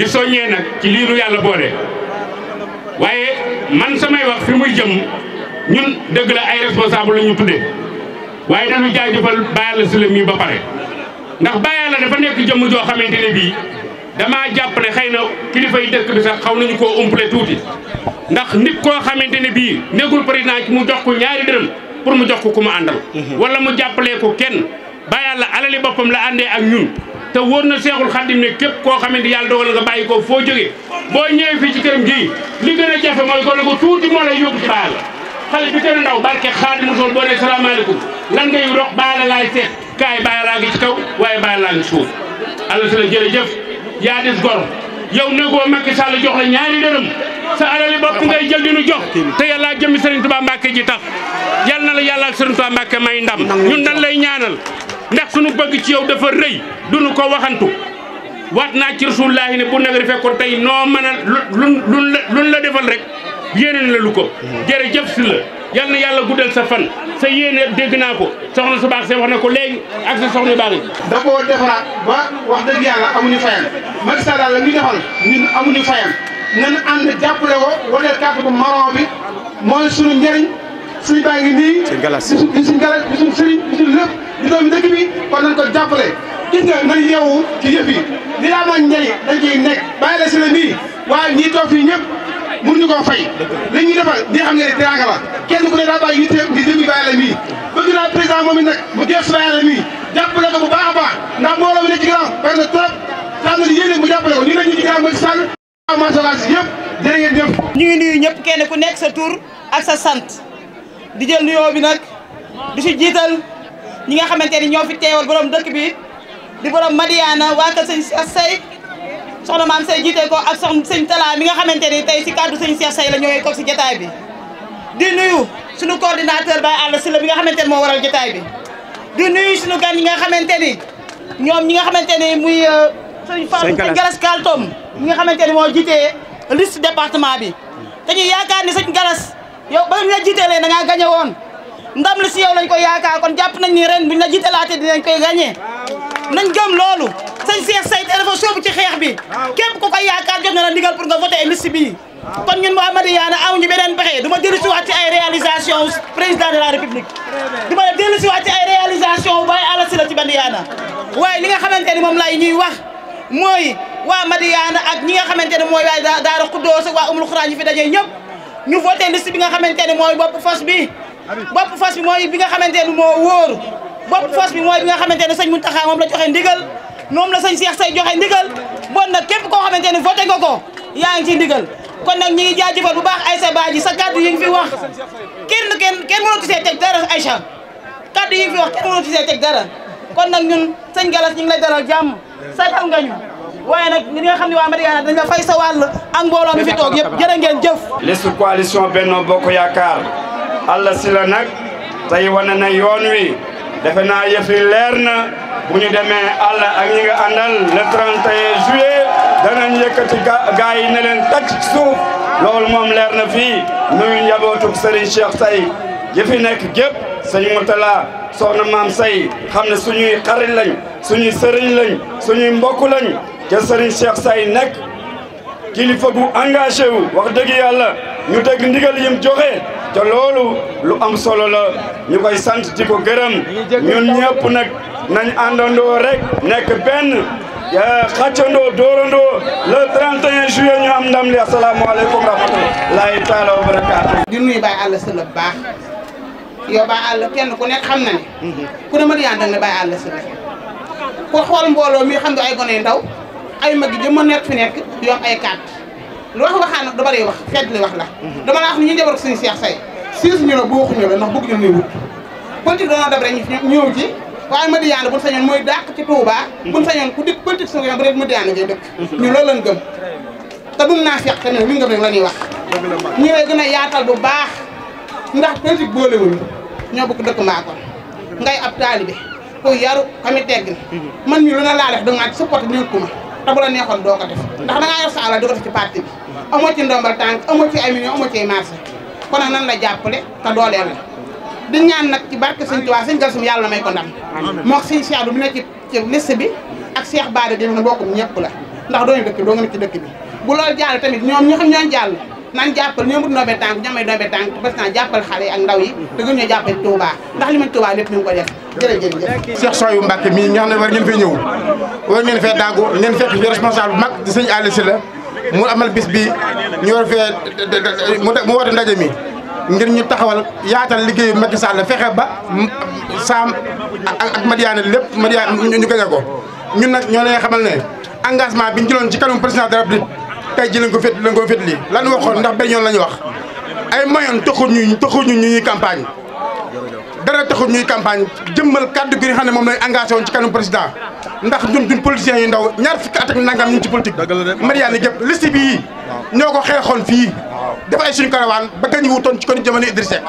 di soññee nag ci lii yàlla boole waaye man samay wax fi muy jëm ñun dëgg la ay responsable la ñu tuddee waaye na dañu jaajëfal Baye Alla Sylla mii ba pare. ndax Baye Alla dafa nekk jëmm joo xamante ne bii damaa jàpp ne xëy na kilifa yi dëkk bi sax xaw nañu koo umpale tuuti ndax nit koo xamante ne bii nekkul président ci mu jox ko ñaari dërëm pour mu jox ko ku mu àndal. Mhm. wala mu jàppalee ko kenn Baye Alla alali boppam la àndee ak ñun. te wóor na seexul xaddim ne képp koo xamante yàlla dogal nga bàyyi ko foo jógee boo ñëwee fii ci këram gii li gën a jafe mooy gone ko tuuti moo lay yóbbu ci baal xale bi gën a ndaw barke xaadimu sol boo ne salaamaaleykum lan ngay rox baala laay seet kaay baala laa ngi ci kaw waaye baala laa ngi la allah sala jërëjëf yaa des gor yow nagoo Macky Sall jox la ñaari dërëm sa alali bopp ngay jël di nu jox te yàlla jëmmi Serigne Touba Mbacké ji ta yal na la yàlla ak Serigne Touba Mbacké may ndam ñun dañ lay ñaanal ndax sunu bëgg ci yow dafa rëy duñu ko waxantu waat naa ci rasulillahi ne bu nagari fekkoon tey noo mën a lu luñ la defal rek yéeneen la ko jërëjëf si la yal na yàlla guddal sa fan sa yéene dégg naa ko soxna su baax see wax na ko léegi ak sa soxna baax yi da koo defaraat ba wax dëgg yàlla amuñu fayam Macky Sall la ñu defal ñun amuñu fayam nan ànd jàppale woo waneel carte bu marron bi mooy suñu njëriñ suñu baa ngi nii di suñ galas di di doomi dëkk bi ko jàppale gis nga nañ yeewu ci yëf yi li daa amoon njëriñ dañ ciy nekk bàyyi la si mii waaye ñii toog fii ku ne daa bàyyi mu gees ko bu baax a baax ndax mbooloo mi ne ci ginnaaw bari na trop xam na ni yéen mu jàppale ko ñu ne ñu ngeen jëf ñu ñëpp kenn ku nekk sa tur ak sa sant di jël nuyoo bi nag di si jiital ñi nga xamanteni ni fi teewal borom dëkk bi di borom Madiana wa kër sëñ Cheikh Seye soxna maam sey jité ko ak soxna sëñ tala mi nga xamanteni ni ci cadre kàddu sëñ Cheikh Seye la ñoy tok si jotaay bi. di nuyu suñu coordinateur Baye Alla Sylla bi nga xamanteni ni waral jotaay bi di nuyu suñu gan yi nga xamanteni ni ñi nga xamanteni muy. Euh, sëñ Fallou sëñ Galas Kaltom mi nga xamanteni ni jité liste département bi dañu ñuy yaakaar ni sëñ Galas yow ba ñu jité lé da nga gagné won ndam li si yow lañ ko yaakaar kon jàpp nañ ni ren buñ la jiitalaatee dinañ koy gagné nañ gëm loolu sëñ Cheikh Seyd dafa sóobu ci xeex bi képp ku koy yaakaar jot na la ndigal pour nga voté liste bii kon ñun waa Madiyana amuñu beneen pexe du ma dellu si waat ci ay réalisation président de la république du ma dellu si waat ci ay réalisation Baye Alla Sylla ci Madiyana waaye li nga xamante ni moom lay ñuy wax mooy waa Madiyana ak ñi nga xamante ne mooy waa Daara Xuddoos ak waa Umul Xuraan ñi fi dajee ñëpp ñu bi nga xamante ne mooy bopp fas bi bopp fas bi mooy bi nga xamante ne moo wóoru bopp fas bi mooy bi nga xamante ne sëñ Mountakha moom la joxe ndigal moom la sëñ Cheikh Say joxe ndigal bon na képp koo xamante ne voté nga ko yaa ngi ci ndigal kon nag ñi ngi jaajëfal bu baax Aïssa Badji sa kàddu yi nga fi wax kenn kenn kenn mënatu see teg dara Aïssa kàddu yi nga fi wax kenn mënatu see teg dara kon nag ñun sañ Galas ñu ngi lay dalal jàmm sagal nga ñu waaye nag li nga xam ne waa Madiyana dañ la fay sa wàll ak mbooloo mi fi toog yëpp jërë ngeen jëf. liste coalition Benno Bokk Yaakaar. Alla sila nag tey wane na yoon wi defe naa yëf leer na bu ñu demee Alla ak ñi nga àndal le 31 danañ yëkkati gaa yi ne leen tàcc suuf loolu moom leer na fii nuyu njabootug Serigne Cheikh Say yëfi nekk gépp sëñ Moutala soxna maam Say xam ne suñuy xarit lañ suñuy sëriñ lañ suñuy mbokk lañ te Serigne Cheikh Say nekk kilifa bu engagé wu wax dëgg yàlla ñu dégg ndigal yim joxe. ca loolu lu am solo la ñu koy sant di ko gërëm ñun ñëpp nag nañ àndandoo rek nekk benn xàccandoo dóorandoo le 31 juillet ñu am ndam li asalaamaaleykum wa rahmatullahi taala wa barakaatu. di nuyu Baye Alla Sylla bu baax yow Baye Alla kenn ku nekk xam na ne. ku ne Madiyana da ne Baye Alla Sylla ku xool mbooloo mi xam nga ay gone ndaw ay mag yi jëmm nekk fi nekk yoom ay kàtt. lu wax waxaan nag du bari wax fedd li wax la mhm. dama wax ñu njaboot suñu seex say siis ñu la booxuñu la ndax bëgg ñu nuy politique doona dab rek ñëw ci waaye Madiyana buñ sañoon mooy dàq ci Touba mhm. buñ sañoon ku dikk politique suñu bu dee Madiyana ngay dëkk mhm. ñu loolu lañ gëm rek wax lay yaatal bu baax ndax politique boolewuñu ñoo bëgg dëkk Mbakol ngay ab taalibe koy yaru xami teggin man ñu lu na def da ngaa supporté ñëw ku ma bu la ko def ndax da di ko ci parti bi amoo ci ndombal tànk amoo ci ay millions amoo ci ay kon nag nan la jàppale te dooleel la di ñaan nag ci barke sëñ Tuubaa sëñ Galsum yàlla may ko ndam mook sëñ Cheikh la ndax dooñu dëkk doo nga ci bu loolu jàll tamit ñoom ñoo xam ñoon jàll nan jàppal ñoo mut ndombal tànk ñoom ay ndombal tànk parce que jàppal xale yi ak ndaw yi te gën ñoo jàppale Tuubaa mii nga xam ne war ngeen fee ñëw war ngeen fee daagu ngeen fekk ñu responsable mag di sëñ Aliou Sylla mu amal bis bi ñu war fee mu woote ndaje mi ngir ñu taxawal yaatal liggéeyu Macky Sall fexe ba saam ak ak Madiana lépp Madiana ñu gañe ñu na ñoo leen xamal ne engagement bi ñu jëloon ci kanam président de la République tey ji lañ ko fét lañ ko lii lan waxoon ndax benn yoon lañu wax ay moyen taxul ñu taxul ñu ñuy campagne dara taxul ñuy campagne jëmmal kàddu gi nga xam ne moom lay engagé woon ci kanam président ndax ñun duñ politiciens yu ndaw ñaar fukki at ak nangam ci politique. Mariane Guèye liste ñoo ko xeexoon fii def ay suñu karawaan ba gañ wutoon ci kon jamono Idrissa Seck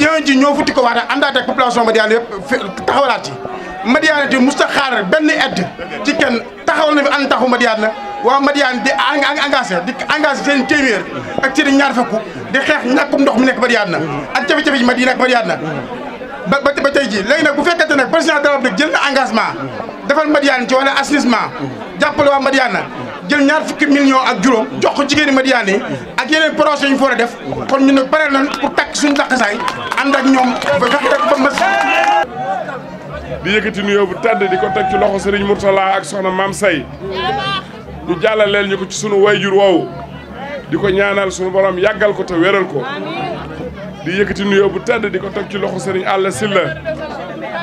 ñooñu ci ñoo futti ko waata àndaat ak population Madiane yëpp taxawalaat yi Madiane di musta xaar benn aide ci kenn taxawal na fi an taxu Madiane waa Madiane di engagé di engagé seen téeméer ak seen ñaar fukk di xex ñàkkum ndox mi nek bariyaat na ak jafe-jafe ma di nekk bariyaat na ba ba ba tay ji legi nak bu fekkante nak president de la République jël na engagement defal Madiyana ci wala assainissement jàppale waa Madiyana jël ñaar fukk millions ak juróom jox ko jigeen Madiyana ak yeneen projet ñu fooré def kon ñu ne pare nañ pour tak suñu say and ak ñom ba tax rek ba mas di yëkëti nuyo bu tedd di ko tak ci loxo Serigne Mourtala ak soxna mam Say ñu jàllaleel ñuko ci sunu wayjur woowu di ko ñaanal suñu borom yàggal ko te wéral ko di yëkkati nuyoo bu tedd di ko teg ci loxo sëriñ Alla Sylla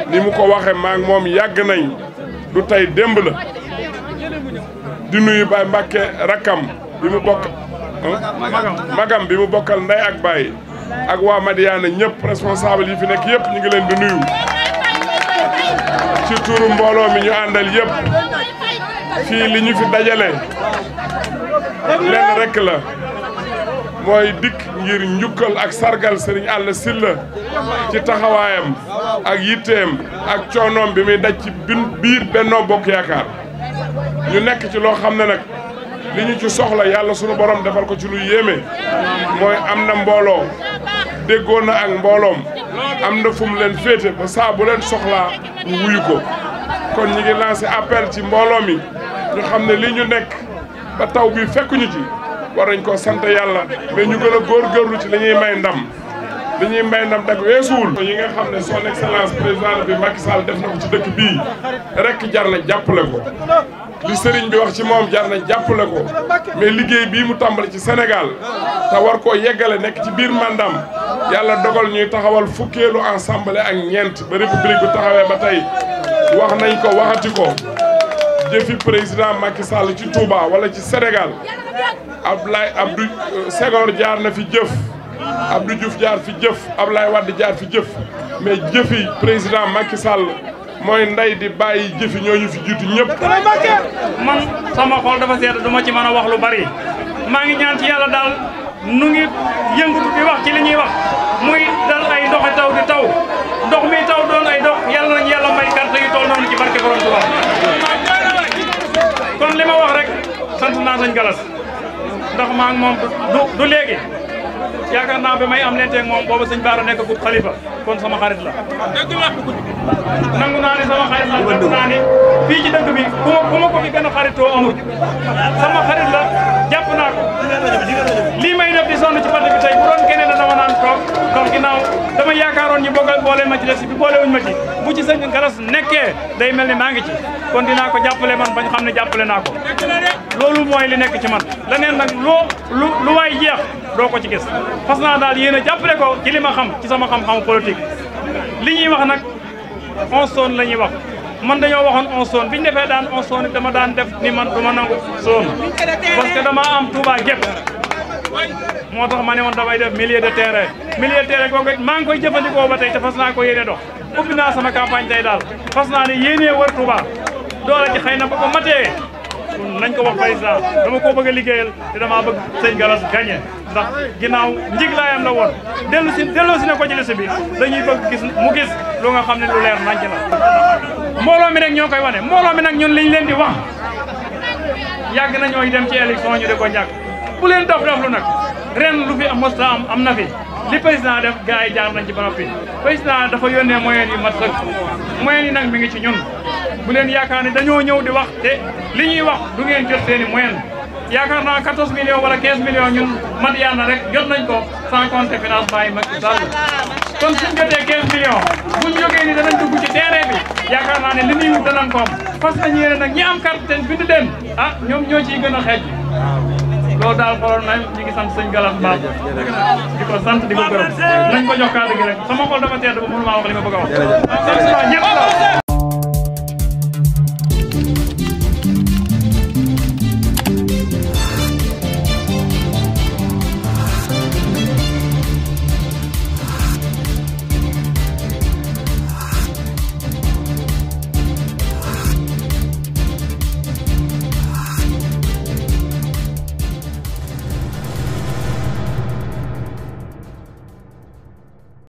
ni mu ko waxe maa moom yàgg nañ du tey démb la di nuyu Baay Mbàkke rakkam bi mu bokk magam bi mu bokkal ndey ak baay ak waa Madiyaana ñëpp responsable yi fi nekk yëpp ñu ngi leen di nuyu ci turu mbooloo mi ñu àndal yëpp fii li ñu fi dajale lenn rekk la mooy dikk ngir njukkal ak sargal Serigne Alla Sylla ci taxawaayam ak yitteem ak coonoom bi muy daj ci biir Benno Bokk Yaakaar ñu nekk ci loo xam ne nag li ñu ci soxla yàlla sunu borom defal ko ci lu yéeme mooy am na mbooloo déggoo na ak mbooloom am na fu mu leen féete ba saabu leen soxla u wuyu ko kon ñi ngi lancé appel ci mbooloo mi ñu xam ne li ñu nekk ba taw bi fekkuñu ci war nañ koo sant yàlla mais ñu gën a góorgóorlu ci li ñuy may ndam li ñuy may ndam dak weesuwul yi nga xam ne son excellence président bi Macky Sall def na ko ci dëkk bii rek jar na jàppale ko di sëriñ bi wax ci moom jar na jàppale ko mais liggéey bii mu tàmbali ci Sénégal te war koo yeggale nekk ci biir mandam yàlla dogal ñuy taxawal fukkeelu ensemble ak ñeent ba république taxawee ba tey wax nañ ko waxati ko jëfi président Macky Sall ci Touba wala ci Sénégal Ablaye Abdou euh, Senghor jaar na fi jëf ab Abdou Diouf jaar fi jëf Ablaye Wade jaar fi jëf mais jëfi président Macky Sall mooy ndey di bàyyi jëfi ñooñu fi jiitu ñëpp. man sama xol dafa seet duma ci mën a wax lu bari maa ngi ñaan ci yàlla daal nu ngi wax ci li ñuy wax muy dal ay. ndax maa ngi moom du du léegi yaakaar naa bi may am leen teeg moom boobu sëñ Baara nekk gub xalifa kon sama xarit la nangu naa ni sama xarit la nangu naa ni fii ci dëkk bi ku ma ku ma ko fi gën a xaritoo amul sama xarit la dama yaakaaroon ñu bogal boole ma ci def si bi boolewuñ ma ci bu ci sëñ galas nekkee day mel ne maa ngi ci kon dinaa ko jàppale man bañ xam ne jàppale naa ko loolu mooy li nekk ci man leneen nag loo lu lu waay jeex doo ko ci gis fas naa daal yéen jàppale ko ci li ma xam ci sama xam-xamu politique li ñuy wax nag onze tonnes la ñuy wax man dañoo waxoon onze tonnes bi ñu defee daan onze tonnes dama daan def ni man du ma nangu zone parce que dama am Touba gépp moo tax ma ne woon damay def milieu de terrain milieu de terrain kooku maa ngi koy jëfandikoo ba tey te fas ko yéene dox ubbi naa sama campagne tey daal fas naa ne yéenee wër Touba doole ci xëy na ba ko matee nañ ko wax président dama koo bëgg a liggéeyal te damaa bëgg sëñ Gallas gagné ndax ginnaaw njiglaayam la woon dellu si delloo si na ko ci liste bi dañuy bëgg gis mu gis lu nga xam ne lu leer nañ ci la mbooloo mi rek ñoo koy wane mbooloo mi nag ñun liñ leen di wax yàgg nañoo dem ci élection ñu di ko ñàkk bu leen dof dof lu nag ren lu fi mos la am am na fi li président def gars yi nañ ci ba noppi président dafa yónnee moyens yi mat sëkk moyens yi nag mi ngi ci ñun bu leen yaakaar ne dañoo ñëw di wax te li ñuy wax du ngeen jot seen i moyens yaakaar naa 14 millions wala 15 millions ñun mat yàlla rek jot nañ ko sans compter financement yi Macky Sall kon suñ jotee 15 millions buñ jógee ni danañ dugg ci yaakaar naa ne li ñuy wut danañ ko parce que ñi nag ñi am carte te bind leen ñoom ñoo ciy gën a xeej loolu daal xooloon nañ ñu ngi sant sëñ Galas Mbaam di ko sant di ko gërëm nañ ko jox kàddu gi rek sama xol dafa tedd ba mënu maa wax li ma bëgg a wax